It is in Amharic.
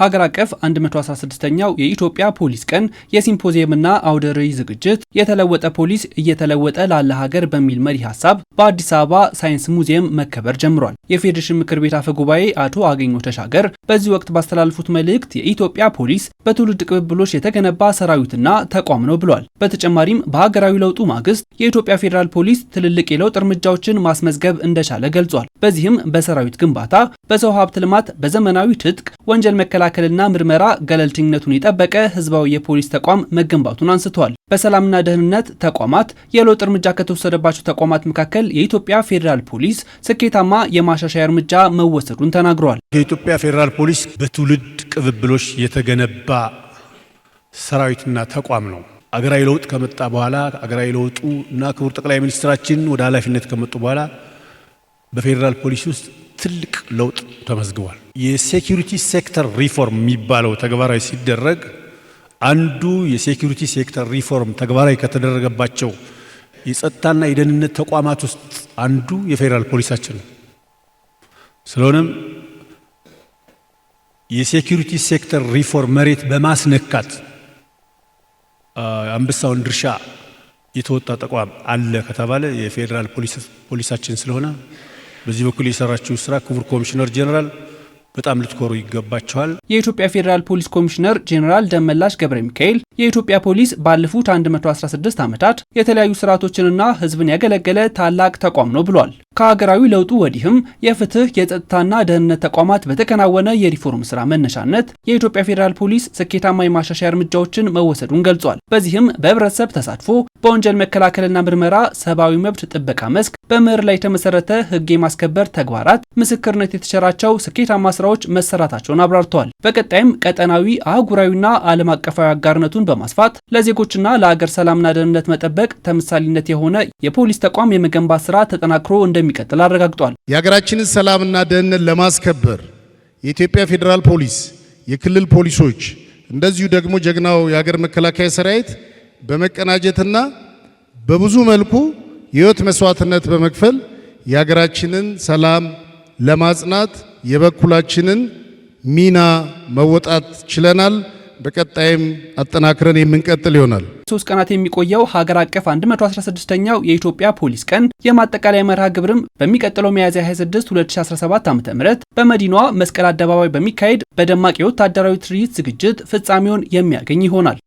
ሀገር አቀፍ 116ኛው የኢትዮጵያ ፖሊስ ቀን የሲምፖዚየምና አውደ ርዕይ ዝግጅት የተለወጠ ፖሊስ እየተለወጠ ላለ ሀገር በሚል መሪ ሀሳብ በአዲስ አበባ ሳይንስ ሙዚየም መከበር ጀምሯል። የፌዴሬሽን ምክር ቤት አፈ ጉባኤ አቶ አገኘሁ ተሻገር በዚህ ወቅት ባስተላለፉት መልእክት የኢትዮጵያ ፖሊስ በትውልድ ቅብብሎች የተገነባ ሰራዊትና ተቋም ነው ብሏል። በተጨማሪም በሀገራዊ ለውጡ ማግስት የኢትዮጵያ ፌዴራል ፖሊስ ትልልቅ የለውጥ እርምጃዎችን ማስመዝገብ እንደቻለ ገልጿል። በዚህም በሰራዊት ግንባታ፣ በሰው ሀብት ልማት፣ በዘመናዊ ትጥቅ ወንጀል መከላከል መከላከልና ምርመራ ገለልተኝነቱን የጠበቀ ህዝባዊ የፖሊስ ተቋም መገንባቱን አንስተዋል። በሰላምና ደህንነት ተቋማት የለውጥ እርምጃ ከተወሰደባቸው ተቋማት መካከል የኢትዮጵያ ፌዴራል ፖሊስ ስኬታማ የማሻሻያ እርምጃ መወሰዱን ተናግረዋል። የኢትዮጵያ ፌዴራል ፖሊስ በትውልድ ቅብብሎች የተገነባ ሰራዊትና ተቋም ነው። አገራዊ ለውጥ ከመጣ በኋላ አገራዊ ለውጡ እና ክቡር ጠቅላይ ሚኒስትራችን ወደ ኃላፊነት ከመጡ በኋላ በፌዴራል ፖሊስ ውስጥ ትልቅ ለውጥ ተመዝግቧል። የሴኪሪቲ ሴክተር ሪፎርም የሚባለው ተግባራዊ ሲደረግ አንዱ የሴኪሪቲ ሴክተር ሪፎርም ተግባራዊ ከተደረገባቸው የጸጥታና የደህንነት ተቋማት ውስጥ አንዱ የፌዴራል ፖሊሳችን ነው። ስለሆነም የሴኪሪቲ ሴክተር ሪፎርም መሬት በማስነካት አንበሳውን ድርሻ የተወጣ ተቋም አለ ከተባለ የፌዴራል ፖሊሳችን ስለሆነ በዚህ በኩል የሰራችው ስራ ክቡር ኮሚሽነር ጀኔራል በጣም ልትኮሩ ይገባቸዋል። የኢትዮጵያ ፌዴራል ፖሊስ ኮሚሽነር ጄኔራል ደመላሽ ገብረ ሚካኤል የኢትዮጵያ ፖሊስ ባለፉት 116 ዓመታት የተለያዩ ስርዓቶችንና ሕዝብን ያገለገለ ታላቅ ተቋም ነው ብሏል። ከሀገራዊ ለውጡ ወዲህም የፍትህ የጸጥታና ደህንነት ተቋማት በተከናወነ የሪፎርም ስራ መነሻነት የኢትዮጵያ ፌዴራል ፖሊስ ስኬታማ የማሻሻያ እርምጃዎችን መወሰዱን ገልጿል። በዚህም በህብረተሰብ ተሳትፎ በወንጀል መከላከልና ምርመራ፣ ሰብአዊ መብት ጥበቃ መስክ በምህር ላይ የተመሰረተ ህግ የማስከበር ተግባራት ምስክርነት የተቸራቸው ስኬታማ ስራዎች መሰራታቸውን አብራርተዋል። በቀጣይም ቀጠናዊ አህጉራዊና ዓለም አቀፋዊ አጋርነቱን በማስፋት ለዜጎችና ለአገር ሰላምና ደህንነት መጠበቅ ተምሳሌነት የሆነ የፖሊስ ተቋም የመገንባት ስራ ተጠናክሮ እንደሚ እንደሚቀጥል አረጋግጧል። የሀገራችንን ሰላምና ደህንነት ለማስከበር የኢትዮጵያ ፌዴራል ፖሊስ፣ የክልል ፖሊሶች እንደዚሁ ደግሞ ጀግናው የሀገር መከላከያ ሰራዊት በመቀናጀትና በብዙ መልኩ የህይወት መስዋዕትነት በመክፈል የሀገራችንን ሰላም ለማጽናት የበኩላችንን ሚና መወጣት ችለናል። በቀጣይም አጠናክረን የምንቀጥል ይሆናል። ሶስት ቀናት የሚቆየው ሀገር አቀፍ 116ኛው የኢትዮጵያ ፖሊስ ቀን የማጠቃለያ መርሃ ግብርም በሚቀጥለው ሚያዝያ 26 2017 ዓ.ም በመዲናዋ መስቀል አደባባይ በሚካሄድ በደማቅ የወታደራዊ ትርኢት ዝግጅት ፍጻሜውን የሚያገኝ ይሆናል።